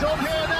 Job here now.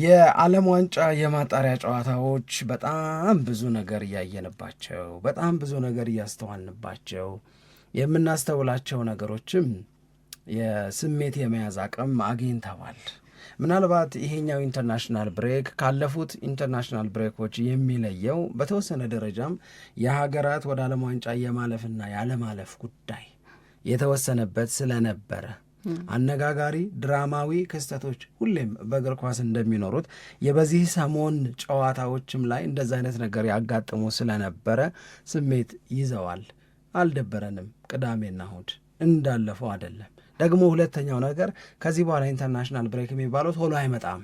የዓለም ዋንጫ የማጣሪያ ጨዋታዎች በጣም ብዙ ነገር እያየንባቸው በጣም ብዙ ነገር እያስተዋልንባቸው የምናስተውላቸው ነገሮችም የስሜት የመያዝ አቅም አግኝተዋል። ምናልባት ይሄኛው ኢንተርናሽናል ብሬክ ካለፉት ኢንተርናሽናል ብሬኮች የሚለየው በተወሰነ ደረጃም የሀገራት ወደ ዓለም ዋንጫ የማለፍና ያለማለፍ ጉዳይ የተወሰነበት ስለነበረ አነጋጋሪ ድራማዊ ክስተቶች ሁሌም በእግር ኳስ እንደሚኖሩት የበዚህ ሰሞን ጨዋታዎችም ላይ እንደዚ አይነት ነገር ያጋጥሙ ስለነበረ ስሜት ይዘዋል። አልደበረንም። ቅዳሜና እሁድ እንዳለፈው አይደለም። ደግሞ ሁለተኛው ነገር ከዚህ በኋላ ኢንተርናሽናል ብሬክ የሚባለው ቶሎ አይመጣም።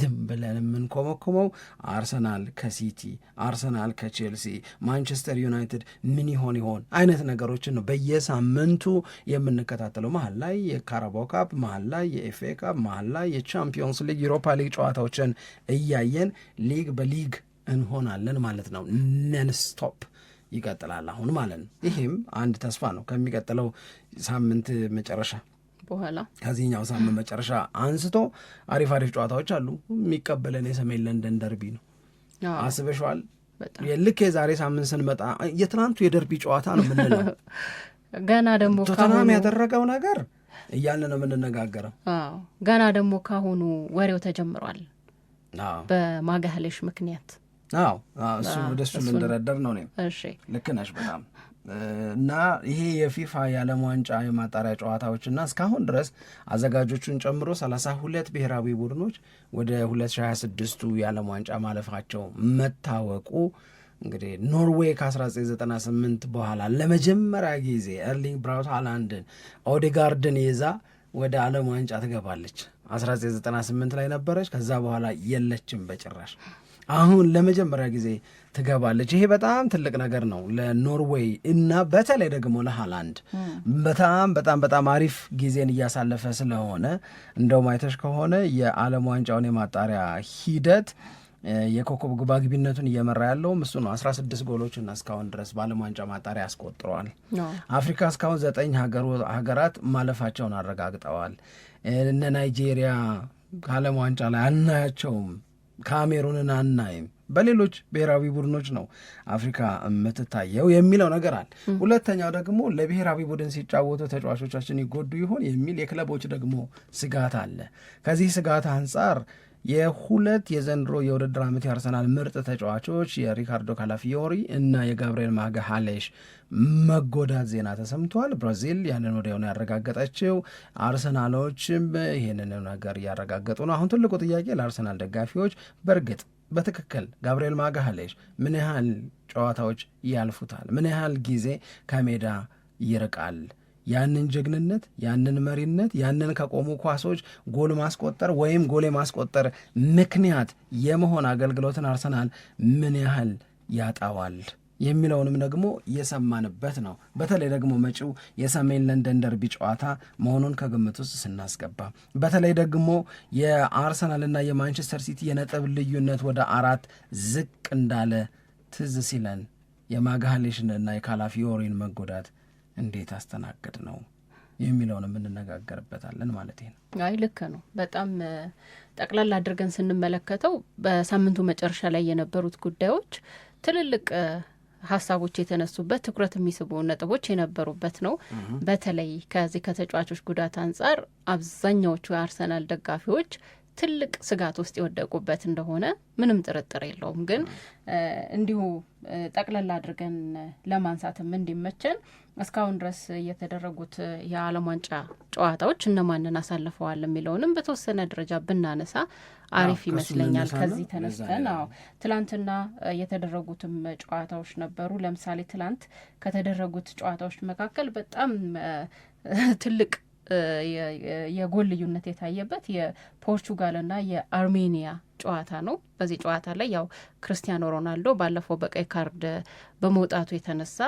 ዝም ብለን የምንኮመኮመው አርሰናል ከሲቲ አርሰናል ከቼልሲ ማንቸስተር ዩናይትድ ምን ይሆን ይሆን አይነት ነገሮችን ነው በየሳምንቱ የምንከታተለው። መሀል ላይ የካራባው ካፕ፣ መሀል ላይ የኤፍኤ ካፕ፣ መሀል ላይ የቻምፒዮንስ ሊግ፣ ዩሮፓ ሊግ ጨዋታዎችን እያየን ሊግ በሊግ እንሆናለን ማለት ነው። ነንስቶፕ ይቀጥላል አሁን ማለት ነው። ይህም አንድ ተስፋ ነው። ከሚቀጥለው ሳምንት መጨረሻ በኋላ ከዚህኛው ሳምንት መጨረሻ አንስቶ አሪፍ አሪፍ ጨዋታዎች አሉ። የሚቀበለን የሰሜን ለንደን ደርቢ ነው። አስበሸዋል። ልክ የዛሬ ሳምንት ስንመጣ የትናንቱ የደርቢ ጨዋታ ነው የምንለው። ገና ደግሞ ቶተናም ያደረገው ነገር እያለ ነው የምንነጋገረው። ገና ደግሞ ካሁኑ ወሬው ተጀምሯል በማጋህሌሽ ምክንያት። አዎ እሱ ወደሱ ልንደረደር ነው። እኔም ልክ ነሽ በጣም እና ይሄ የፊፋ የዓለም ዋንጫ የማጣሪያ ጨዋታዎች ና እስካሁን ድረስ አዘጋጆቹን ጨምሮ 32 ብሔራዊ ቡድኖች ወደ 2026ቱ የዓለም ዋንጫ ማለፋቸው መታወቁ እንግዲህ ኖርዌይ ከ1998 በኋላ ለመጀመሪያ ጊዜ ኤርሊንግ ብራውት ሃላንድን ኦዴጋርድን ይዛ ወደ ዓለም ዋንጫ ትገባለች። 1998 ላይ ነበረች። ከዛ በኋላ የለችም በጭራሽ። አሁን ለመጀመሪያ ጊዜ ትገባለች። ይሄ በጣም ትልቅ ነገር ነው ለኖርዌይ እና በተለይ ደግሞ ለሃላንድ በጣም በጣም በጣም አሪፍ ጊዜን እያሳለፈ ስለሆነ እንደው አይተሽ ከሆነ የዓለም ዋንጫውን የማጣሪያ ሂደት የኮከብ ግባግቢነቱን እየመራ ያለውም እሱ ነው። 16 ጎሎችን እስካሁን ድረስ በዓለም ዋንጫ ማጣሪያ አስቆጥረዋል። አፍሪካ እስካሁን ዘጠኝ ሀገራት ማለፋቸውን አረጋግጠዋል። እነ ናይጄሪያ ከዓለም ዋንጫ ላይ አናያቸውም። ካሜሩንን አናይም። በሌሎች ብሔራዊ ቡድኖች ነው አፍሪካ የምትታየው የሚለው ነገር አለ። ሁለተኛው ደግሞ ለብሔራዊ ቡድን ሲጫወቱ ተጫዋቾቻችን ይጎዱ ይሆን የሚል የክለቦች ደግሞ ስጋት አለ። ከዚህ ስጋት አንጻር የሁለት የዘንድሮ የውድድር ዓመት የአርሰናል ምርጥ ተጫዋቾች የሪካርዶ ካላፊዮሪ እና የጋብርኤል ሀሌሽ መጎዳት ዜና ተሰምቷል። ብራዚል ያንን ወዲያውኑ ያረጋገጠችው፣ አርሰናሎችም ይህንን ነገር እያረጋገጡ ነው። አሁን ትልቁ ጥያቄ ለአርሰናል ደጋፊዎች በእርግጥ በትክክል ጋብርኤል ማጋሃሌሽ ምን ያህል ጨዋታዎች ያልፉታል? ምን ያህል ጊዜ ከሜዳ ይርቃል? ያንን ጀግንነት፣ ያንን መሪነት፣ ያንን ከቆሙ ኳሶች ጎል ማስቆጠር ወይም ጎል ማስቆጠር ምክንያት የመሆን አገልግሎትን አርሰናል ምን ያህል ያጣዋል? የሚለውንም ደግሞ የሰማንበት ነው። በተለይ ደግሞ መጪው የሰሜን ለንደን ደርቢ ጨዋታ መሆኑን ከግምት ውስጥ ስናስገባ በተለይ ደግሞ የአርሰናልና የማንቸስተር ሲቲ የነጥብ ልዩነት ወደ አራት ዝቅ እንዳለ ትዝ ሲለን የማግሃሌሽንና የካላፊዮሪን መጎዳት እንዴት አስተናገድ ነው የሚለውን የምንነጋገርበታለን ማለት ነው። አይ ልክ ነው። በጣም ጠቅላላ አድርገን ስንመለከተው በሳምንቱ መጨረሻ ላይ የነበሩት ጉዳዮች ትልልቅ ሀሳቦች የተነሱበት ትኩረት የሚስቡ ነጥቦች የነበሩበት ነው። በተለይ ከዚህ ከተጫዋቾች ጉዳት አንጻር አብዛኛዎቹ የአርሰናል ደጋፊዎች ትልቅ ስጋት ውስጥ የወደቁበት እንደሆነ ምንም ጥርጥር የለውም። ግን እንዲሁ ጠቅለላ አድርገን ለማንሳትም እንዲመቸን እስካሁን ድረስ የተደረጉት የዓለም ዋንጫ ጨዋታዎች እነማንን አሳልፈዋል የሚለውንም በተወሰነ ደረጃ ብናነሳ አሪፍ ይመስለኛል። ከዚህ ተነስተን አዎ ትላንትና የተደረጉትም ጨዋታዎች ነበሩ። ለምሳሌ ትላንት ከተደረጉት ጨዋታዎች መካከል በጣም ትልቅ የጎል ልዩነት የታየበት የፖርቹጋልና የአርሜኒያ ጨዋታ ነው። በዚህ ጨዋታ ላይ ያው ክርስቲያኖ ሮናልዶ ባለፈው በቀይ ካርድ በመውጣቱ የተነሳ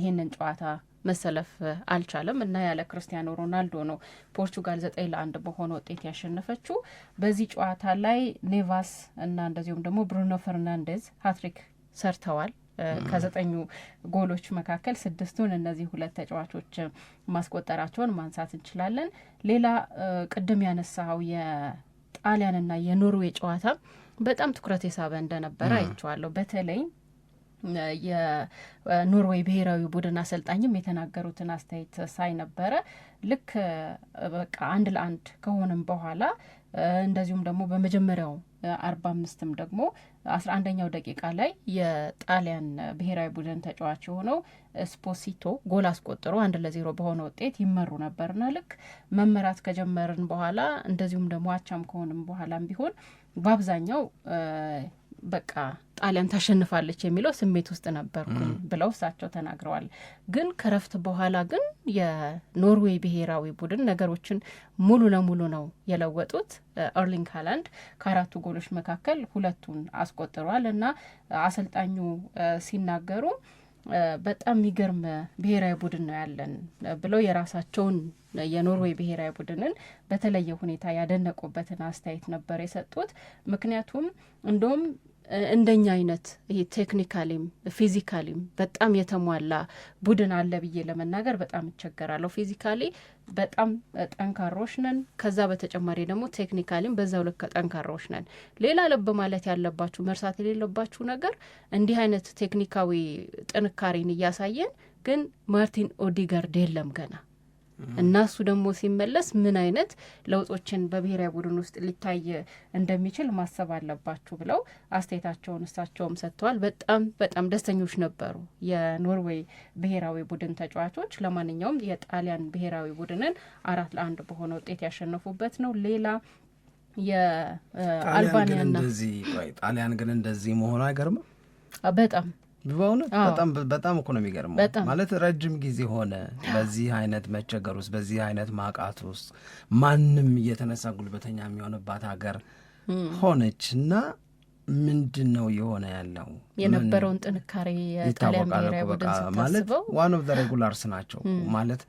ይህንን ጨዋታ መሰለፍ አልቻለም እና ያለ ክርስቲያኖ ሮናልዶ ነው ፖርቹጋል ዘጠኝ ለአንድ በሆነ ውጤት ያሸነፈችው። በዚህ ጨዋታ ላይ ኔቫስ እና እንደዚሁም ደግሞ ብሩኖ ፈርናንዴዝ ሀትሪክ ሰርተዋል። ከዘጠኙ ጎሎች መካከል ስድስቱን እነዚህ ሁለት ተጫዋቾች ማስቆጠራቸውን ማንሳት እንችላለን። ሌላ ቅድም ያነሳው የጣሊያንና የኖርዌይ ጨዋታ በጣም ትኩረት የሳበ እንደነበረ አይቼዋለሁ። በተለይ የኖርዌይ ብሔራዊ ቡድን አሰልጣኝም የተናገሩትን አስተያየት ሳይ ነበረ ልክ በቃ አንድ ለአንድ ከሆንም በኋላ እንደዚሁም ደግሞ በመጀመሪያው አርባ አምስትም ደግሞ አስራ አንደኛው ደቂቃ ላይ የጣሊያን ብሔራዊ ቡድን ተጫዋች የሆነው ስፖሲቶ ጎል አስቆጥሮ አንድ ለዜሮ በሆነ ውጤት ይመሩ ነበርና ልክ መመራት ከጀመርን በኋላ እንደዚሁም ደግሞ አቻም ከሆንም በኋላም ቢሆን በአብዛኛው በቃ ጣሊያን ታሸንፋለች የሚለው ስሜት ውስጥ ነበርኩ ብለው እሳቸው ተናግረዋል። ግን ከረፍት በኋላ ግን የኖርዌይ ብሔራዊ ቡድን ነገሮችን ሙሉ ለሙሉ ነው የለወጡት። ኤርሊንግ ሃላንድ ከአራቱ ጎሎች መካከል ሁለቱን አስቆጥሯል እና አሰልጣኙ ሲናገሩ በጣም የሚገርም ብሔራዊ ቡድን ነው ያለን ብለው የራሳቸውን የኖርዌይ ብሔራዊ ቡድንን በተለየ ሁኔታ ያደነቁበትን አስተያየት ነበር የሰጡት። ምክንያቱም እንደውም እንደኛ አይነት ይሄ ቴክኒካሊም ፊዚካሊም በጣም የተሟላ ቡድን አለ ብዬ ለመናገር በጣም እቸገራለሁ። ፊዚካሊ በጣም ጠንካሮች ነን። ከዛ በተጨማሪ ደግሞ ቴክኒካሊም በዛው ልክ ጠንካሮች ነን። ሌላ ልብ ማለት ያለባችሁ መርሳት የሌለባችሁ ነገር እንዲህ አይነት ቴክኒካዊ ጥንካሬን እያሳየን ግን ማርቲን ኦዲጋርድ የለም ገና እና እሱ ደግሞ ሲመለስ ምን አይነት ለውጦችን በብሔራዊ ቡድን ውስጥ ሊታይ እንደሚችል ማሰብ አለባችሁ ብለው አስተያየታቸውን እሳቸውም ሰጥተዋል። በጣም በጣም ደስተኞች ነበሩ የኖርዌይ ብሔራዊ ቡድን ተጫዋቾች። ለማንኛውም የጣሊያን ብሔራዊ ቡድንን አራት ለአንድ በሆነ ውጤት ያሸነፉበት ነው። ሌላ የአልባኒያና ጣሊያን ግን እንደዚህ መሆኑ አይገርምም በጣም በእውነት በጣም በጣም እኮ ነው የሚገርመው። ማለት ረጅም ጊዜ ሆነ በዚህ አይነት መቸገር ውስጥ በዚህ አይነት ማቃት ውስጥ ማንም እየተነሳ ጉልበተኛ የሚሆንባት ሀገር ሆነች እና ምንድን ነው የሆነ ያለው የነበረውን ጥንካሬ የጣሊያን ማለት ዋን ኦፍ ዘ ሬጉላርስ ናቸው ማለት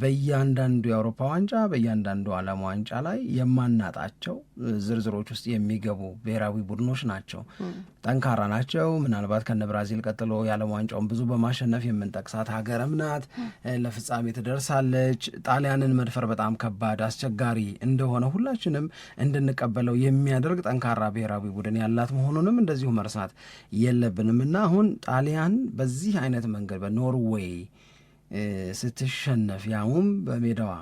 በእያንዳንዱ የአውሮፓ ዋንጫ በእያንዳንዱ ዓለም ዋንጫ ላይ የማናጣቸው ዝርዝሮች ውስጥ የሚገቡ ብሔራዊ ቡድኖች ናቸው። ጠንካራ ናቸው። ምናልባት ከነ ብራዚል ቀጥሎ የዓለም ዋንጫውን ብዙ በማሸነፍ የምንጠቅሳት ሀገርም ናት። ለፍጻሜ ትደርሳለች። ጣሊያንን መድፈር በጣም ከባድ አስቸጋሪ እንደሆነ ሁላችንም እንድንቀበለው የሚያደርግ ጠንካራ ብሔራዊ ቡድን ያላት መሆኑንም እንደዚሁ መርሳት የለብንም እና አሁን ጣሊያን በዚህ አይነት መንገድ በኖርዌይ ስትሸነፍ ያውም በሜዳዋ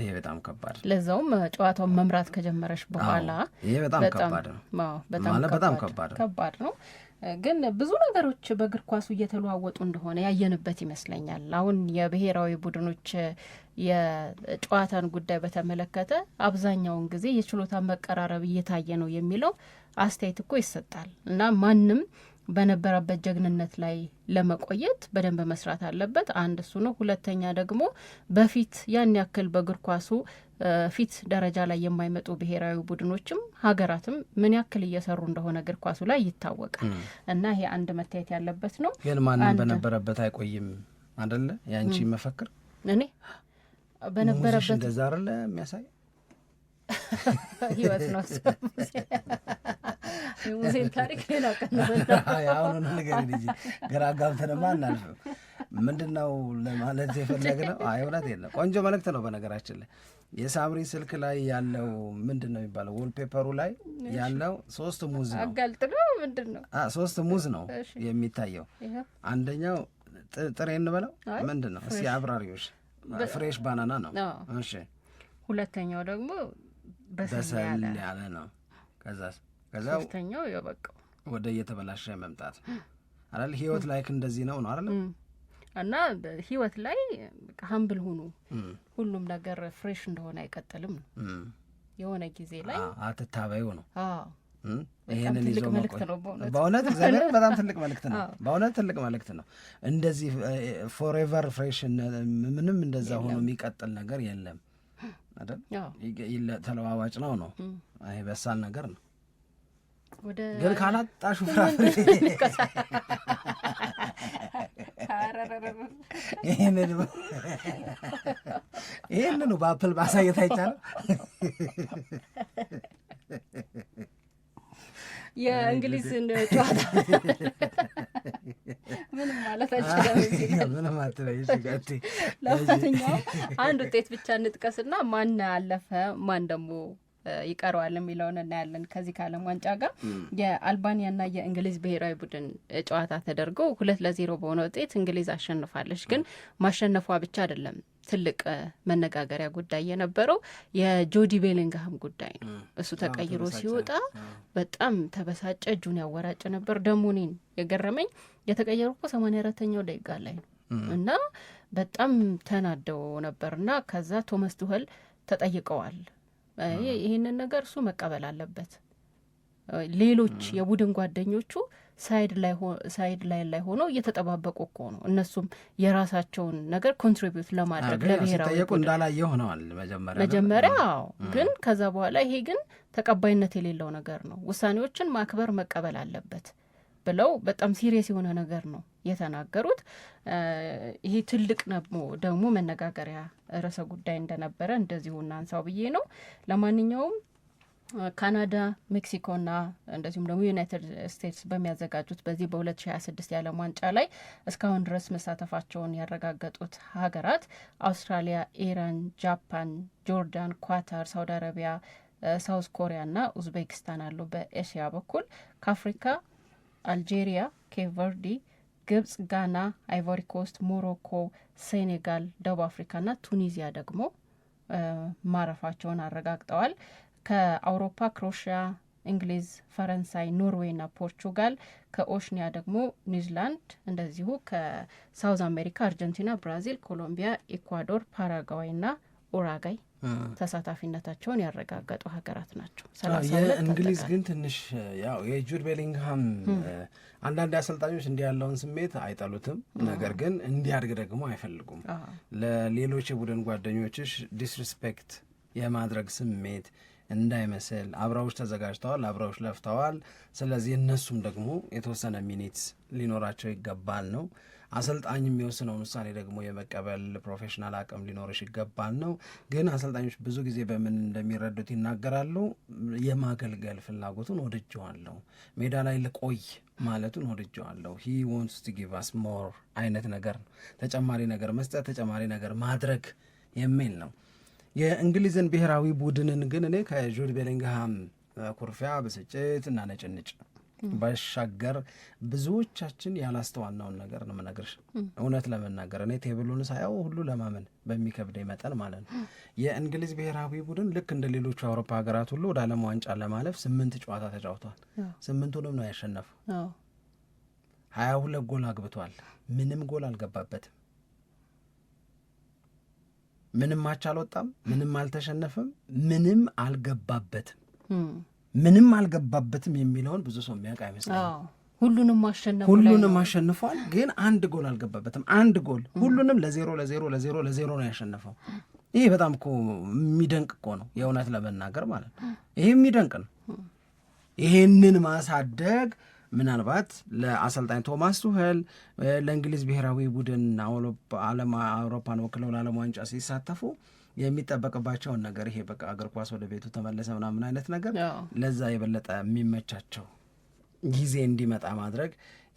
ይሄ በጣም ከባድ ለዛውም ጨዋታውን መምራት ከጀመረች በኋላ ይሄ በጣም ከባድ ነው ማለት በጣም ከባድ ከባድ ነው። ግን ብዙ ነገሮች በእግር ኳሱ እየተለዋወጡ እንደሆነ ያየንበት ይመስለኛል። አሁን የብሔራዊ ቡድኖች የጨዋታን ጉዳይ በተመለከተ አብዛኛውን ጊዜ የችሎታ መቀራረብ እየታየ ነው የሚለው አስተያየት እኮ ይሰጣል እና ማንም በነበረበት ጀግንነት ላይ ለመቆየት በደንብ መስራት አለበት። አንድ እሱ ነው። ሁለተኛ ደግሞ በፊት ያን ያክል በእግር ኳሱ ፊት ደረጃ ላይ የማይመጡ ብሔራዊ ቡድኖችም ሀገራትም ምን ያክል እየሰሩ እንደሆነ እግር ኳሱ ላይ ይታወቃል እና ይሄ አንድ መታየት ያለበት ነው። ግን ማንም በነበረበት አይቆይም አደለ? ያንቺ መፈክር እኔ በነበረበት እንደዛ አለ የሚያሳይ ህይወት ነው። የሙሴን ታሪክ ሌላ ቀን አሁኑ ነገር እንግዲህ ግራ አጋብተንማ አናልፍም። ምንድን ነው ለማለት የፈለግነው? አይ እውነት የለም ቆንጆ መልእክት ነው። በነገራችን ላይ የሳምሪ ስልክ ላይ ያለው ምንድን ነው የሚባለው ወልፔፐሩ ላይ ያለው ሶስት ሙዝ ነው። አጋልጥ ነው ምንድን ነው? ሶስት ሙዝ ነው የሚታየው። አንደኛው ጥሬ እንበለው ምንድን ነው? እስኪ አብራሪዎች ፍሬሽ ባናና ነው። እሺ ሁለተኛው ደግሞ በሰል ያለ ነው። ከዛ ከዛ ሶስተኛው የበቃው ወደ እየተበላሸ መምጣት አላል። ህይወት ላይክ እንደዚህ ነው ነው አለ እና ህይወት ላይ ሀምብል ሁኑ። ሁሉም ነገር ፍሬሽ እንደሆነ አይቀጥልም የሆነ ጊዜ ላይ አትታበዩ ነው። ይህንን ይዞ በእውነት እግዚአብሔር በጣም ትልቅ መልእክት ነው። በእውነት ትልቅ መልእክት ነው። እንደዚህ ፎሬቨር ፍሬሽ ምንም እንደዛ ሆኖ የሚቀጥል ነገር የለም። አይደል? ተለዋዋጭ ነው ነው ይሄ በሳል ነገር ነው። ግን ካላጣሹ ፍራፍሬ ይህንኑ በአፕል ማሳየት አይቻልም። የእንግሊዝን ጨዋታ ለማንኛውም አንድ ውጤት ብቻ እንጥቀስና ማን አለፈ ማን ደግሞ ይቀረዋል የሚለውን እናያለን። ከዚህ ከዓለም ዋንጫ ጋር የአልባኒያና የእንግሊዝ ብሔራዊ ቡድን ጨዋታ ተደርጎ ሁለት ለዜሮ በሆነ ውጤት እንግሊዝ አሸንፋለች። ግን ማሸነፏ ብቻ አይደለም ትልቅ መነጋገሪያ ጉዳይ የነበረው የጆዲ ቤሊንግሃም ጉዳይ ነው። እሱ ተቀይሮ ሲወጣ በጣም ተበሳጨ፣ እጁን ያወራጭ ነበር። ደግሞ እኔን የገረመኝ የተቀየሩ እኮ ሰማንያ አራተኛው ደቂቃ ላይ ነው እና በጣም ተናደው ነበርና ከዛ ቶማስ ቱኸል ተጠይቀዋል። ይህንን ነገር እሱ መቀበል አለበት ሌሎች የቡድን ጓደኞቹ ሳይድ ላይ ላይ ሆነው እየተጠባበቁ እኮ ነው። እነሱም የራሳቸውን ነገር ኮንትሪቢዩት ለማድረግ ለብሔራዊ እንዳላየ ሆነዋል መጀመሪያ ግን ከዛ በኋላ ይሄ ግን ተቀባይነት የሌለው ነገር ነው፣ ውሳኔዎችን ማክበር መቀበል አለበት ብለው በጣም ሲሪየስ የሆነ ነገር ነው የተናገሩት። ይሄ ትልቅ ደግሞ መነጋገሪያ ርዕሰ ጉዳይ እንደነበረ እንደዚሁ እናንሳው ብዬ ነው። ለማንኛውም ካናዳ፣ ና እንደዚሁም ደግሞ ዩናይትድ ስቴትስ በሚያዘጋጁት በዚህ በ2026 የዓለም ዋንጫ ላይ እስካሁን ድረስ መሳተፋቸውን ያረጋገጡት ሀገራት አውስትራሊያ፣ ኢራን፣ ጃፓን፣ ጆርዳን፣ ኳታር፣ ሳውዲ አረቢያ፣ ሳውዝ ና ኡዝቤኪስታን አሉ። በኤሽያ በኩል ከአፍሪካ አልጄሪያ፣ ኬቨርዲ፣ ቨርዲ ግብጽ፣ ጋና፣ አይቮሪ ኮስት፣ ሞሮኮ፣ ሴኔጋል፣ ደቡብ አፍሪካ ና ቱኒዚያ ደግሞ ማረፋቸውን አረጋግጠዋል። ከአውሮፓ ክሮሽያ፣ እንግሊዝ፣ ፈረንሳይ፣ ኖርዌይ ና ፖርቹጋል ከኦሽኒያ ደግሞ ኒውዚላንድ እንደዚሁ ከሳውዝ አሜሪካ አርጀንቲና፣ ብራዚል፣ ኮሎምቢያ፣ ኢኳዶር፣ ፓራጓይ ና ኡራጋይ ተሳታፊነታቸውን ያረጋገጡ ሀገራት ናቸው። የእንግሊዝ ግን ትንሽ ያው የጁድ ቤሊንግሃም አንዳንድ አሰልጣኞች እንዲህ ያለውን ስሜት አይጠሉትም፣ ነገር ግን እንዲያድግ ደግሞ አይፈልጉም። ለሌሎች የቡድን ጓደኞችሽ ዲስሪስፔክት የማድረግ ስሜት እንዳይመስል አብረውሽ ተዘጋጅተዋል፣ አብረውሽ ለፍተዋል። ስለዚህ እነሱም ደግሞ የተወሰነ ሚኒት ሊኖራቸው ይገባል ነው። አሰልጣኝ የሚወስነውን ውሳኔ ደግሞ የመቀበል ፕሮፌሽናል አቅም ሊኖርሽ ይገባል ነው። ግን አሰልጣኞች ብዙ ጊዜ በምን እንደሚረዱት ይናገራሉ። የማገልገል ፍላጎቱን ወድጀዋለሁ፣ ሜዳ ላይ ልቆይ ማለቱን ወድጀዋለሁ። ሂ ዋንትስ ቱ ጊቭ አስ ሞር አይነት ነገር ነው። ተጨማሪ ነገር መስጠት፣ ተጨማሪ ነገር ማድረግ የሚል ነው። የእንግሊዝን ብሔራዊ ቡድንን ግን እኔ ከጁድ ቤሊንግሃም ኩርፊያ፣ ብስጭት እና ነጭንጭ ባሻገር ብዙዎቻችን ያላስተዋናውን ነገር ነው የምነግርሽ። እውነት ለመናገር እኔ ቴብሉን ሳየው ሁሉ ለማመን በሚከብደኝ መጠን ማለት ነው የእንግሊዝ ብሔራዊ ቡድን ልክ እንደ ሌሎቹ የአውሮፓ ሀገራት ሁሉ ወደ ዓለም ዋንጫ ለማለፍ ስምንት ጨዋታ ተጫውቷል። ስምንቱንም ነው ያሸነፈው። ሀያ ሁለት ጎል አግብቷል። ምንም ጎል አልገባበትም። ምንም ማች አልወጣም፣ ምንም አልተሸነፈም፣ ምንም አልገባበትም። hmm. ምንም አልገባበትም የሚለውን ብዙ ሰው የሚያውቅ አይመስለኝም። ሁሉንም አሸንፏል፣ ግን አንድ ጎል አልገባበትም። አንድ ጎል hmm. ሁሉንም ለዜሮ ለዜሮ ለዜሮ ለዜሮ ነው ያሸነፈው። ይሄ በጣም እኮ የሚደንቅ እኮ ነው የእውነት ለመናገር ማለት ነው። hmm. ይሄ የሚደንቅ ነው። ይሄንን ማሳደግ ምናልባት ለአሰልጣኝ ቶማስ ቱሄል ለእንግሊዝ ብሔራዊ ቡድን አውሮፓን ወክለው ለዓለም ዋንጫ ሲሳተፉ የሚጠበቅባቸውን ነገር ይሄ በቃ እግር ኳስ ወደ ቤቱ ተመለሰ ምናምን አይነት ነገር ለዛ የበለጠ የሚመቻቸው ጊዜ እንዲመጣ ማድረግ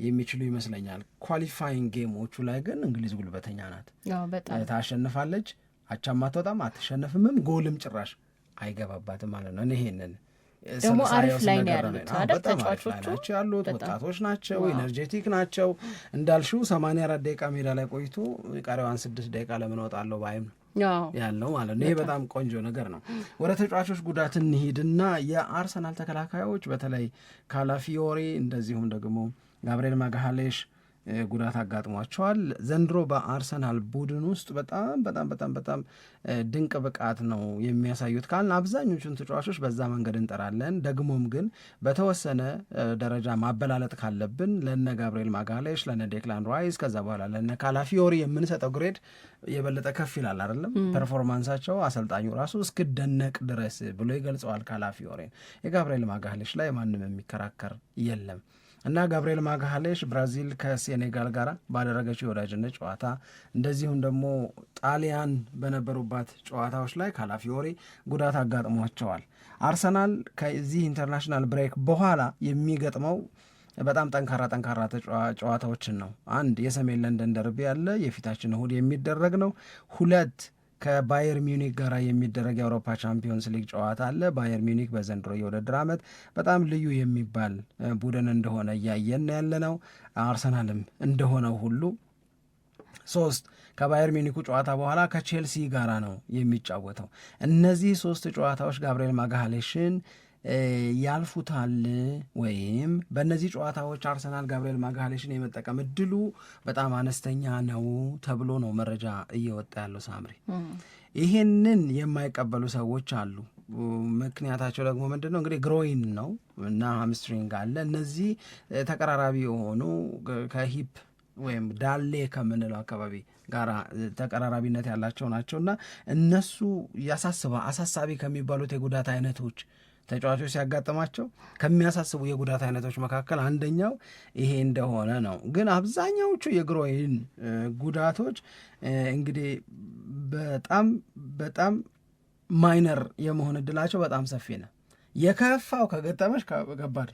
የሚችሉ ይመስለኛል። ኳሊፋይንግ ጌሞቹ ላይ ግን እንግሊዝ ጉልበተኛ ናት፣ ታሸንፋለች። አቻም አትወጣም፣ አትሸነፍምም፣ ጎልም ጭራሽ አይገባባትም ማለት ነው። ይሄንን ደግሞ አሪፍ ላይ ነው ያሉት አይደል? ተጫዋቾቹ ያሉት ወጣቶች ናቸው፣ ኢነርጄቲክ ናቸው። እንዳልሽው ሰማንያ አራት ደቂቃ ሜዳ ላይ ቆይቶ ቀሪዋን ስድስት ደቂቃ ለምን እወጣለሁ ባይም ያለው ማለት ነው። ይሄ በጣም ቆንጆ ነገር ነው። ወደ ተጫዋቾች ጉዳት እንሂድና የአርሰናል ተከላካዮች በተለይ ካላፊዮሪ እንደዚሁም ደግሞ ጋብርኤል ማጋሃሌሽ ጉዳት አጋጥሟቸዋል። ዘንድሮ በአርሰናል ቡድን ውስጥ በጣም በጣም በጣም በጣም ድንቅ ብቃት ነው የሚያሳዩት ካልን አብዛኞቹን ተጫዋቾች በዛ መንገድ እንጠራለን። ደግሞም ግን በተወሰነ ደረጃ ማበላለጥ ካለብን ለነ ጋብርኤል ማጋሌሽ፣ ለነ ዴክላን ራይስ ከዛ በኋላ ለነ ካላፊዮሪ የምንሰጠው ግሬድ የበለጠ ከፍ ይላል አይደለም። ፐርፎርማንሳቸው አሰልጣኙ ራሱ እስክደነቅ ድረስ ብሎ ይገልጸዋል። ካላፊዮሪን የጋብርኤል ማጋሌሽ ላይ ማንም የሚከራከር የለም። እና ጋብርኤል ማግሃሌሽ ብራዚል ከሴኔጋል ጋር ባደረገችው የወዳጅነት ጨዋታ እንደዚሁም ደግሞ ጣሊያን በነበሩባት ጨዋታዎች ላይ ካላፊዮሪ ጉዳት አጋጥሟቸዋል። አርሰናል ከዚህ ኢንተርናሽናል ብሬክ በኋላ የሚገጥመው በጣም ጠንካራ ጠንካራ ጨዋታዎችን ነው። አንድ የሰሜን ለንደን ደርቤ ያለ የፊታችን እሁድ የሚደረግ ነው። ሁለት ከባየር ሚኒክ ጋር የሚደረግ የአውሮፓ ቻምፒዮንስ ሊግ ጨዋታ አለ። ባየር ሚኒክ በዘንድሮ የውድድር ዓመት በጣም ልዩ የሚባል ቡድን እንደሆነ እያየን ያለ ነው። አርሰናልም እንደሆነው ሁሉ ሶስት ከባየር ሚኒኩ ጨዋታ በኋላ ከቼልሲ ጋራ ነው የሚጫወተው። እነዚህ ሶስት ጨዋታዎች ጋብርኤል ማጋሌሽን ያልፉታል ወይም በእነዚህ ጨዋታዎች አርሰናል ጋብርኤል ማግሃሌሽን የመጠቀም እድሉ በጣም አነስተኛ ነው ተብሎ ነው መረጃ እየወጣ ያለው። ሳምሪ ይሄንን የማይቀበሉ ሰዎች አሉ። ምክንያታቸው ደግሞ ምንድን ነው? እንግዲህ ግሮይን ነው እና ሃምስትሪንግ አለ። እነዚህ ተቀራራቢ የሆኑ ከሂፕ ወይም ዳሌ ከምንለው አካባቢ ጋር ተቀራራቢነት ያላቸው ናቸው እና እነሱ ያሳስበ አሳሳቢ ከሚባሉት የጉዳት አይነቶች ተጫዋቾች ሲያጋጥማቸው ከሚያሳስቡ የጉዳት አይነቶች መካከል አንደኛው ይሄ እንደሆነ ነው። ግን አብዛኛዎቹ የግሮይን ጉዳቶች እንግዲህ በጣም በጣም ማይነር የመሆን እድላቸው በጣም ሰፊ ነው። የከፋው ከገጠመች ከባድ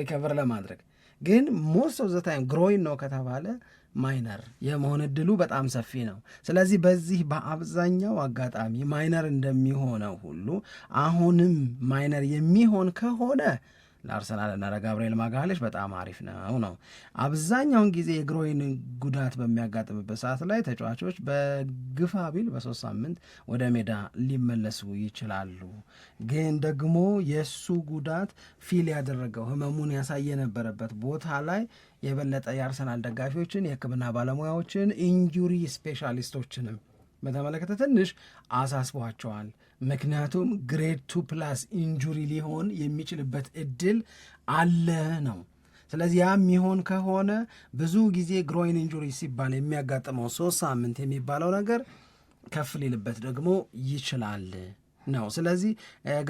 ሪከቨር ለማድረግ ግን ሞስት ኦፍ ዘ ታይም ግሮይን ነው ከተባለ ማይነር የመሆን እድሉ በጣም ሰፊ ነው። ስለዚህ በዚህ በአብዛኛው አጋጣሚ ማይነር እንደሚሆነው ሁሉ አሁንም ማይነር የሚሆን ከሆነ ለአርሰናልና ለጋብርኤል ማጋሌሽ በጣም አሪፍ ነው ነው አብዛኛውን ጊዜ የግሮይን ጉዳት በሚያጋጥምበት ሰዓት ላይ ተጫዋቾች በግፋ ቢል በሶስት ሳምንት ወደ ሜዳ ሊመለሱ ይችላሉ። ግን ደግሞ የእሱ ጉዳት ፊል ያደረገው ህመሙን ያሳየ የነበረበት ቦታ ላይ የበለጠ የአርሰናል ደጋፊዎችን የህክምና ባለሙያዎችን ኢንጁሪ ስፔሻሊስቶችንም በተመለከተ ትንሽ አሳስቧቸዋል። ምክንያቱም ግሬድ ቱ ፕላስ ኢንጁሪ ሊሆን የሚችልበት እድል አለ ነው። ስለዚህ ያ የሚሆን ከሆነ ብዙ ጊዜ ግሮይን ኢንጁሪ ሲባል የሚያጋጥመው ሶስት ሳምንት የሚባለው ነገር ከፍ ሊልበት ደግሞ ይችላል ነው። ስለዚህ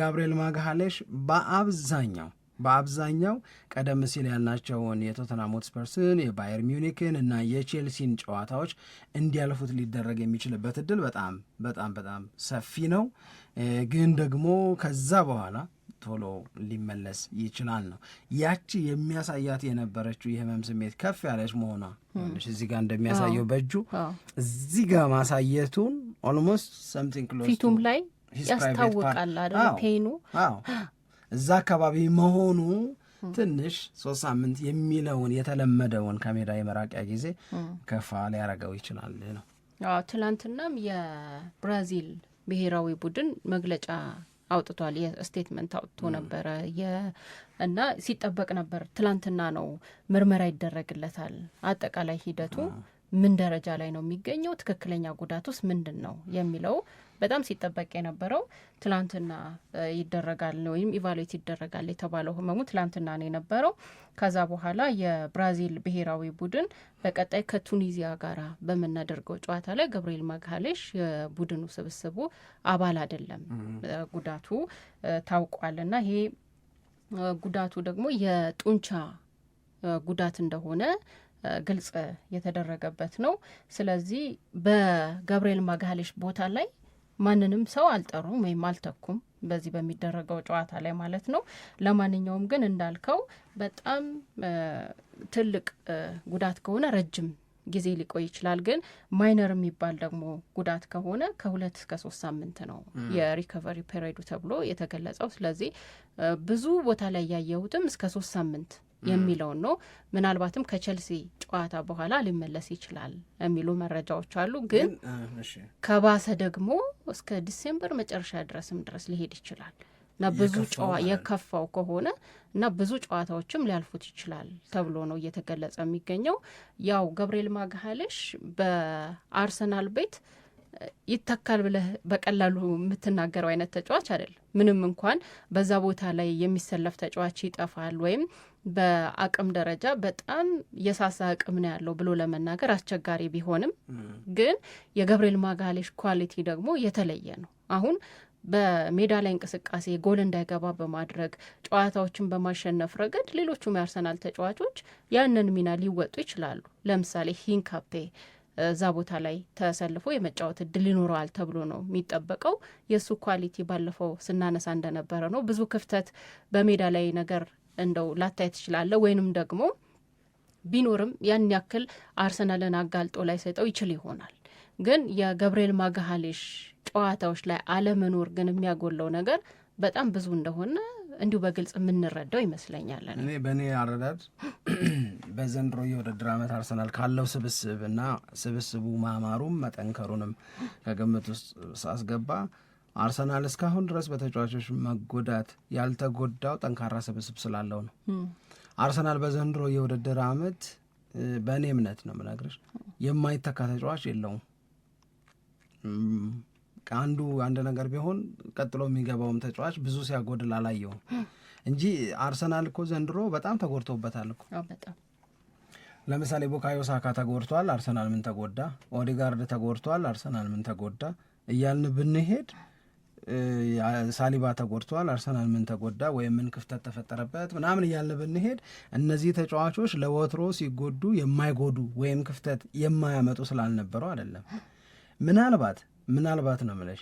ጋብርኤል eh, ማግሃሌሽ በአብዛኛው በአብዛኛው ቀደም ሲል ያልናቸውን የቶተናም ሆትስፐርስን የባየር ሚዩኒክን እና የቼልሲን ጨዋታዎች እንዲያልፉት ሊደረግ የሚችልበት እድል በጣም በጣም በጣም ሰፊ ነው። ግን ደግሞ ከዛ በኋላ ቶሎ ሊመለስ ይችላል ነው ያቺ የሚያሳያት የነበረችው የህመም ስሜት ከፍ ያለች መሆኗ እዚህ ጋር እንደሚያሳየው በእጁ እዚህ ጋር ማሳየቱን ኦልሞስት ሰምቲንግ ክሎዝ ፊቱም ላይ ያስታውቃል አይደል ፔኑ እዛ አካባቢ መሆኑ ትንሽ ሶስት ሳምንት የሚለውን የተለመደውን ከሜዳ የመራቂያ ጊዜ ከፋ ሊያረገው ይችላል ነው። ትላንትናም የብራዚል ብሔራዊ ቡድን መግለጫ አውጥቷል። የስቴትመንት አውጥቶ ነበረ እና ሲጠበቅ ነበር። ትላንትና ነው ምርመራ ይደረግለታል። አጠቃላይ ሂደቱ ምን ደረጃ ላይ ነው የሚገኘው፣ ትክክለኛ ጉዳት ውስጥ ምንድን ነው የሚለው በጣም ሲጠበቅ የነበረው ትላንትና ይደረጋል ወይም ኢቫሉዌት ይደረጋል የተባለው ህመሙ ትላንትና ነው የነበረው። ከዛ በኋላ የብራዚል ብሔራዊ ቡድን በቀጣይ ከቱኒዚያ ጋር በምናደርገው ጨዋታ ላይ ገብርኤል ማግሃሌሽ የቡድኑ ስብስቡ አባል አይደለም፣ ጉዳቱ ታውቋል እና ይሄ ጉዳቱ ደግሞ የጡንቻ ጉዳት እንደሆነ ግልጽ የተደረገበት ነው። ስለዚህ በገብርኤል ማግሃሌሽ ቦታ ላይ ማንንም ሰው አልጠሩም ወይም አልተኩም በዚህ በሚደረገው ጨዋታ ላይ ማለት ነው። ለማንኛውም ግን እንዳልከው በጣም ትልቅ ጉዳት ከሆነ ረጅም ጊዜ ሊቆይ ይችላል። ግን ማይነር የሚባል ደግሞ ጉዳት ከሆነ ከሁለት እስከ ሶስት ሳምንት ነው የሪከቨሪ ፔሪዱ ተብሎ የተገለጸው። ስለዚህ ብዙ ቦታ ላይ ያየሁትም እስከ ሶስት ሳምንት የሚለውን ነው። ምናልባትም ከቸልሲ ጨዋታ በኋላ ሊመለስ ይችላል የሚሉ መረጃዎች አሉ። ግን ከባሰ ደግሞ እስከ ዲሴምበር መጨረሻ ድረስም ድረስ ሊሄድ ይችላል እና ብዙ ጨዋ የከፋው ከሆነ እና ብዙ ጨዋታዎችም ሊያልፉት ይችላል ተብሎ ነው እየተገለጸ የሚገኘው። ያው ገብርኤል ማግሃሌሽ በአርሰናል ቤት ይተካል ብለህ በቀላሉ የምትናገረው አይነት ተጫዋች አይደለም። ምንም እንኳን በዛ ቦታ ላይ የሚሰለፍ ተጫዋች ይጠፋል ወይም በአቅም ደረጃ በጣም የሳሳ አቅም ነው ያለው ብሎ ለመናገር አስቸጋሪ ቢሆንም ግን የገብርኤል ማጋሌሽ ኳሊቲ ደግሞ የተለየ ነው። አሁን በሜዳ ላይ እንቅስቃሴ ጎል እንዳይገባ በማድረግ ጨዋታዎችን በማሸነፍ ረገድ ሌሎቹም የአርሰናል ተጫዋቾች ያንን ሚና ሊወጡ ይችላሉ። ለምሳሌ ሂንካፔ እዛ ቦታ ላይ ተሰልፎ የመጫወት እድል ይኖረዋል ተብሎ ነው የሚጠበቀው። የእሱ ኳሊቲ ባለፈው ስናነሳ እንደነበረ ነው ብዙ ክፍተት በሜዳ ላይ ነገር እንደው ላታይ ትችላለ ወይንም ደግሞ ቢኖርም ያን ያክል አርሰናልን አጋልጦ ላይ ሰጠው ይችል ይሆናል። ግን የገብርኤል ማጋሃሌሽ ጨዋታዎች ላይ አለመኖር ግን የሚያጎለው ነገር በጣም ብዙ እንደሆነ እንዲሁ በግልጽ የምንረዳው ይመስለኛል። እኔ በእኔ አረዳድ በዘንድሮ የውድድር ዓመት አርሰናል ካለው ስብስብ እና ስብስቡ ማማሩም መጠንከሩንም ከግምት ውስጥ ሳስገባ አርሰናል እስካሁን ድረስ በተጫዋቾች መጎዳት ያልተጎዳው ጠንካራ ስብስብ ስላለው ነው። አርሰናል በዘንድሮ የውድድር አመት በእኔ እምነት ነው የምነግርሽ የማይተካ ተጫዋች የለውም። አንዱ አንድ ነገር ቢሆን ቀጥሎ የሚገባውም ተጫዋች ብዙ ሲያጎድል አላየውም እንጂ አርሰናል እኮ ዘንድሮ በጣም ተጎድቶበታል እኮ ለምሳሌ ቡካዮ ሳካ ተጎድቷል፣ አርሰናል ምን ተጎዳ? ኦዲጋርድ ተጎድቷል፣ አርሰናል ምን ተጎዳ? እያልን ብንሄድ ሳሊባ ተጎድቷል፣ አርሰናል ምን ተጎዳ ወይም ምን ክፍተት ተፈጠረበት ምናምን እያለ ብንሄድ እነዚህ ተጫዋቾች ለወትሮ ሲጎዱ የማይጎዱ ወይም ክፍተት የማያመጡ ስላልነበሩ አይደለም። ምናልባት ምናልባት ነው ምለሽ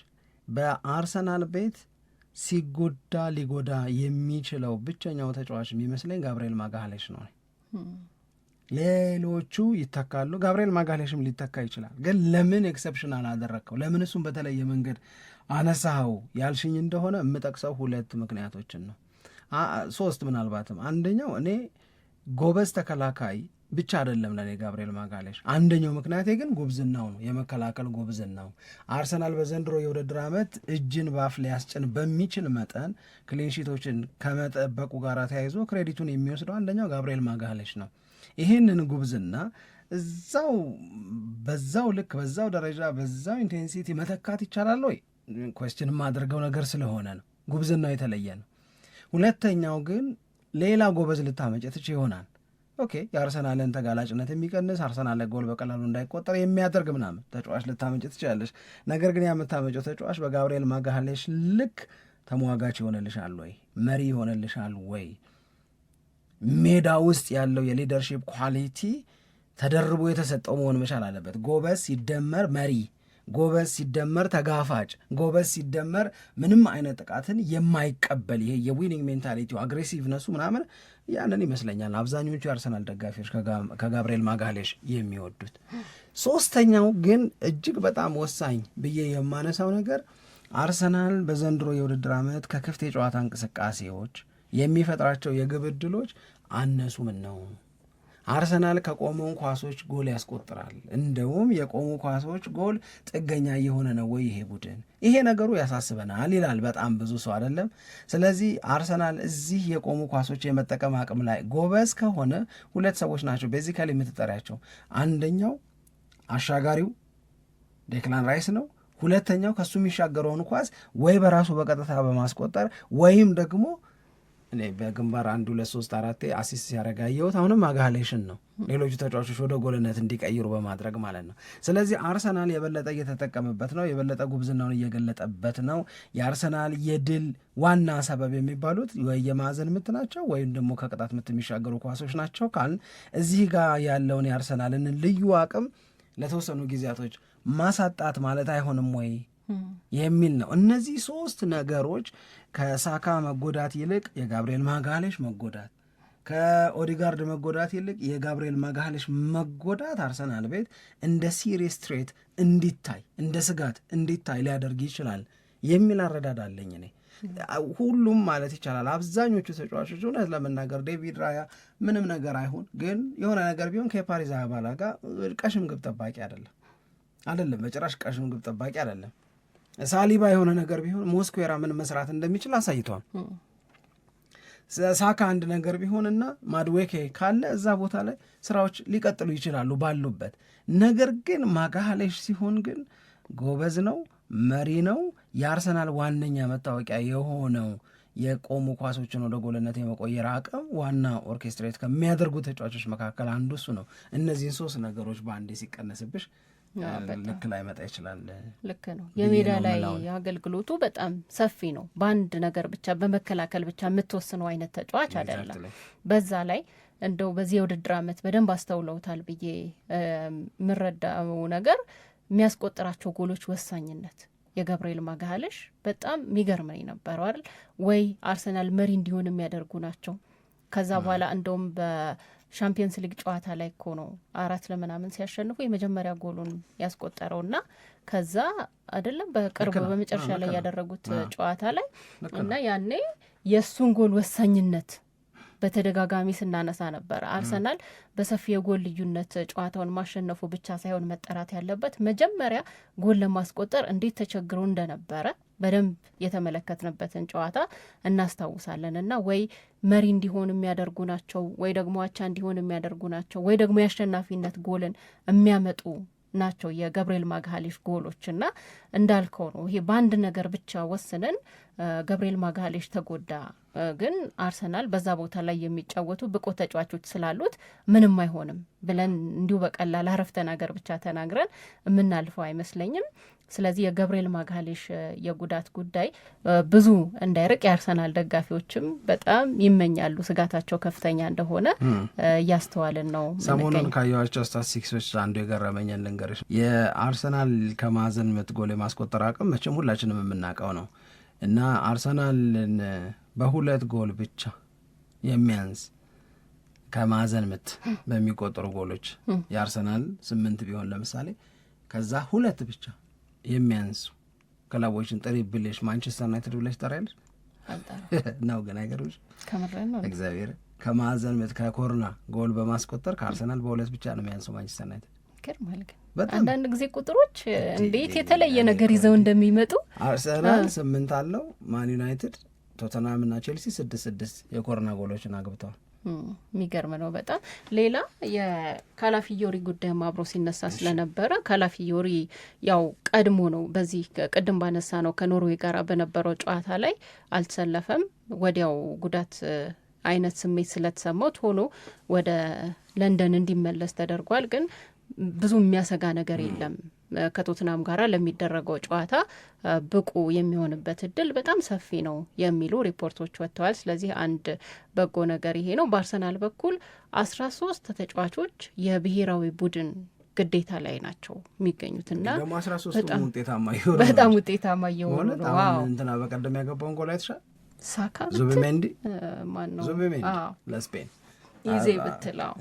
በአርሰናል ቤት ሲጎዳ ሊጎዳ የሚችለው ብቸኛው ተጫዋች የሚመስለኝ ጋብርኤል ማጋሌሽ ነው። ሌሎቹ ይተካሉ። ጋብርኤል ማጋሌሽም ሊተካ ይችላል። ግን ለምን ኤክሰፕሽን አላደረግከው? ለምን እሱም በተለየ መንገድ አነሳው ያልሽኝ እንደሆነ የምጠቅሰው ሁለት ምክንያቶችን ነው፣ ሶስት ምናልባትም። አንደኛው እኔ ጎበዝ ተከላካይ ብቻ አይደለም ለእኔ ጋብርኤል ማጋሌሽ። አንደኛው ምክንያቴ ግን ጉብዝናው ነው፣ የመከላከል ጉብዝናው። አርሰናል በዘንድሮ የውድድር ዓመት እጅን ባፍ ሊያስጭን በሚችል መጠን ክሊንሺቶችን ከመጠበቁ ጋር ተያይዞ ክሬዲቱን የሚወስደው አንደኛው ጋብርኤል ማጋሌሽ ነው። ይህንን ጉብዝና እዛው በዛው ልክ በዛው ደረጃ በዛው ኢንቴንሲቲ መተካት ይቻላል ወይ? ኮስችን የማደርገው ነገር ስለሆነ ነው። ጉብዝናው የተለየ ነው። ሁለተኛው ግን ሌላ ጎበዝ ልታመጭ ትች ይሆናል። ኦኬ የአርሰናልን ተጋላጭነት የሚቀንስ አርሰናል ጎል በቀላሉ እንዳይቆጠር የሚያደርግ ምናምን ተጫዋች ልታመጭ ትችላለች። ነገር ግን የምታመጨው ተጫዋች በጋብርኤል ማጋሃሌሽ ልክ ተሟጋች ይሆንልሻል ወይ መሪ ይሆንልሻል ወይ? ሜዳ ውስጥ ያለው የሊደርሺፕ ኳሊቲ ተደርቦ የተሰጠው መሆን መቻል አለበት። ጎበዝ ሲደመር መሪ ጎበዝ ሲደመር ተጋፋጭ፣ ጎበዝ ሲደመር ምንም አይነት ጥቃትን የማይቀበል ይሄ የዊኒንግ ሜንታሊቲው አግሬሲቭነሱ ምናምን ያንን ይመስለኛል አብዛኞቹ የአርሰናል ደጋፊዎች ከጋብርኤል ማጋሌሽ የሚወዱት። ሶስተኛው ግን እጅግ በጣም ወሳኝ ብዬ የማነሳው ነገር አርሰናል በዘንድሮ የውድድር ዓመት ከክፍት የጨዋታ እንቅስቃሴዎች የሚፈጥራቸው የግብ ዕድሎች ምን ነው። አርሰናል ከቆመው ኳሶች ጎል ያስቆጥራል። እንደውም የቆሙ ኳሶች ጎል ጥገኛ እየሆነ ነው ወይ ይሄ ቡድን? ይሄ ነገሩ ያሳስበናል ይላል በጣም ብዙ ሰው አይደለም። ስለዚህ አርሰናል እዚህ የቆሙ ኳሶች የመጠቀም አቅም ላይ ጎበዝ ከሆነ ሁለት ሰዎች ናቸው ቤዚካል የምትጠሪያቸው። አንደኛው አሻጋሪው ዴክላን ራይስ ነው። ሁለተኛው ከሱ የሚሻገረውን ኳስ ወይ በራሱ በቀጥታ በማስቆጠር ወይም ደግሞ በግንባር አንድ ሁለት ሶስት አራቴ አሲስት ሲያደርግ አየሁት። አሁንም ማጋሌሽን ነው ሌሎቹ ተጫዋቾች ወደ ጎልነት እንዲቀይሩ በማድረግ ማለት ነው። ስለዚህ አርሰናል የበለጠ እየተጠቀመበት ነው፣ የበለጠ ጉብዝናውን እየገለጠበት ነው። የአርሰናል የድል ዋና ሰበብ የሚባሉት ወይ የማዕዘን ምት ናቸው ወይም ደግሞ ከቅጣት ምት የሚሻገሩ ኳሶች ናቸው ካልን እዚህ ጋር ያለውን የአርሰናልን ልዩ አቅም ለተወሰኑ ጊዜያቶች ማሳጣት ማለት አይሆንም ወይ? የሚል ነው። እነዚህ ሶስት ነገሮች ከሳካ መጎዳት ይልቅ የጋብርኤል ማጋሌሽ መጎዳት ከኦዲጋርድ መጎዳት ይልቅ የጋብርኤል ማጋሌሽ መጎዳት አርሰናል ቤት እንደ ሲሪየስ ትሬት እንዲታይ እንደ ስጋት እንዲታይ ሊያደርግ ይችላል የሚል አረዳድ አለኝ እኔ። ሁሉም ማለት ይቻላል አብዛኞቹ ተጫዋቾች እውነት ለመናገር ዴቪድ ራያ ምንም ነገር አይሁን፣ ግን የሆነ ነገር ቢሆን ከፓሪዝ አባላ ጋር ቀሽም ግብ ጠባቂ አይደለም አይደለም፣ በጭራሽ ቀሽም ግብ ጠባቂ አይደለም። ሳሊባ የሆነ ነገር ቢሆን ሞስኩዌራ ምን መስራት እንደሚችል አሳይቷል። ሳካ አንድ ነገር ቢሆንና ማድዌኬ ካለ እዛ ቦታ ላይ ስራዎች ሊቀጥሉ ይችላሉ ባሉበት። ነገር ግን ማጋሃሌሽ ሲሆን ግን ጎበዝ ነው፣ መሪ ነው። የአርሰናል ዋነኛ መታወቂያ የሆነው የቆሙ ኳሶችን ወደ ጎልነት የመቆየር አቅም ዋና ኦርኬስትሬት ከሚያደርጉ ተጫዋቾች መካከል አንዱ እሱ ነው። እነዚህን ሶስት ነገሮች በአንዴ ሲቀነስብሽ ልክ ላይመጣ ይችላል። ልክ ነው። የሜዳ ላይ አገልግሎቱ በጣም ሰፊ ነው። በአንድ ነገር ብቻ በመከላከል ብቻ የምትወስነው አይነት ተጫዋች አይደለም። በዛ ላይ እንደው በዚህ የውድድር ዓመት በደንብ አስተውለውታል ብዬ የምረዳው ነገር የሚያስቆጥራቸው ጎሎች ወሳኝነት የገብርኤል ማጋሃልሽ በጣም የሚገርመኝ ነበረው አይደል ወይ አርሰናል መሪ እንዲሆን የሚያደርጉ ናቸው። ከዛ በኋላ እንደውም ሻምፒየንስ ሊግ ጨዋታ ላይ እኮ ነው አራት ለምናምን ሲያሸንፉ የመጀመሪያ ጎሉን ያስቆጠረው እና ከዛ አይደለም በቅርብ በመጨረሻ ላይ ያደረጉት ጨዋታ ላይ እና ያኔ የእሱን ጎል ወሳኝነት በተደጋጋሚ ስናነሳ ነበር። አርሰናል በሰፊ የጎል ልዩነት ጨዋታውን ማሸነፉ ብቻ ሳይሆን መጠራት ያለበት መጀመሪያ ጎል ለማስቆጠር እንዴት ተቸግሮ እንደነበረ በደንብ የተመለከትንበትን ጨዋታ እናስታውሳለን እና ወይ መሪ እንዲሆን የሚያደርጉ ናቸው፣ ወይ ደግሞ አቻ እንዲሆን የሚያደርጉ ናቸው፣ ወይ ደግሞ የአሸናፊነት ጎልን የሚያመጡ ናቸው የገብርኤል ማግሃሊሽ ጎሎች። እና እንዳልከው ነው ይሄ በአንድ ነገር ብቻ ወስነን ገብርኤል ማግሃሊሽ ተጎዳ፣ ግን አርሰናል በዛ ቦታ ላይ የሚጫወቱ ብቁ ተጫዋቾች ስላሉት ምንም አይሆንም ብለን እንዲሁ በቀላል አረፍተ ነገር ብቻ ተናግረን የምናልፈው አይመስለኝም። ስለዚህ የገብርኤል ማጋሌሽ የጉዳት ጉዳይ ብዙ እንዳይርቅ የአርሰናል ደጋፊዎችም በጣም ይመኛሉ። ስጋታቸው ከፍተኛ እንደሆነ እያስተዋልን ነው። ሰሞኑን ካየኋቸው ስታትስቲክሶች አንዱ የገረመኝን ልንገርሽ። የአርሰናል ከማዕዘን ምት ጎል የማስቆጠር አቅም መቼም ሁላችንም የምናውቀው ነው እና አርሰናልን በሁለት ጎል ብቻ የሚያንስ ከማዕዘን ምት በሚቆጠሩ ጎሎች የአርሰናል ስምንት ቢሆን ለምሳሌ ከዛ ሁለት ብቻ የሚያንሱ ክለቦችን ጥሪ ብልሽ ማንቸስተር ዩናይትድ ብለሽ ጠሪያለሽ ነው ግን አይገርምሽ? እግዚአብሔር ከማዕዘን ምት ከኮርና ጎል በማስቆጠር ከአርሰናል በሁለት ብቻ ነው የሚያንሱ ማንቸስተር ዩናይትድ። ይገርማል ግን አንዳንድ ጊዜ ቁጥሮች እንዴት የተለየ ነገር ይዘው እንደሚመጡ አርሰናል ስምንት አለው ማን ዩናይትድ ቶተናምና ቼልሲ ስድስት ስድስት የኮርና ጎሎችን አግብተዋል። የሚገርም ነው በጣም ሌላ የካላፊዮሪ ጉዳይም አብሮ ሲነሳ ስለነበረ ካላፊዮሪ ያው ቀድሞ ነው በዚህ ቅድም ባነሳ ነው ከኖርዌይ ጋር በነበረው ጨዋታ ላይ አልተሰለፈም ወዲያው ጉዳት አይነት ስሜት ስለተሰማው ቶሎ ወደ ለንደን እንዲመለስ ተደርጓል ግን ብዙ የሚያሰጋ ነገር የለም ከቶትናም ጋራ ለሚደረገው ጨዋታ ብቁ የሚሆንበት እድል በጣም ሰፊ ነው የሚሉ ሪፖርቶች ወጥተዋል። ስለዚህ አንድ በጎ ነገር ይሄ ነው። በአርሰናል በኩል አስራ ሶስት ተጫዋቾች የብሔራዊ ቡድን ግዴታ ላይ ናቸው የሚገኙትና በጣም ውጤታማ እየሆኑ ነው። እንትና በቀደም ያገባውን ጎል አይተሻል። ሳካ ዙቢሜንዲ ማን ነው? ዙቢሜንዲ ለስፔን ይዜ ብትለው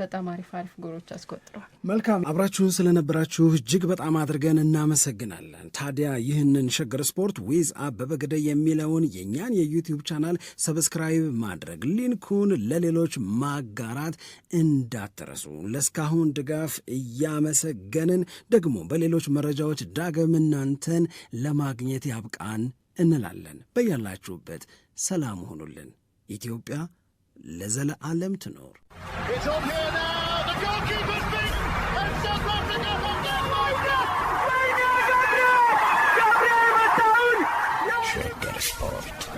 በጣም አሪፍ አሪፍ ጎሮች አስቆጥረዋል። መልካም አብራችሁን ስለነበራችሁ እጅግ በጣም አድርገን እናመሰግናለን። ታዲያ ይህንን ሸገር ስፖርት ዊዝ አበበ ገደይ የሚለውን የእኛን የዩቲዩብ ቻናል ሰብስክራይብ ማድረግ ሊንኩን ለሌሎች ማጋራት እንዳትረሱ። ለእስካሁን ድጋፍ እያመሰገንን ደግሞ በሌሎች መረጃዎች ዳግም እናንተን ለማግኘት ያብቃን እንላለን። በያላችሁበት ሰላም ሆኑልን። ኢትዮጵያ ለዘለዓለም ትኖር። ሸገር ስፖርት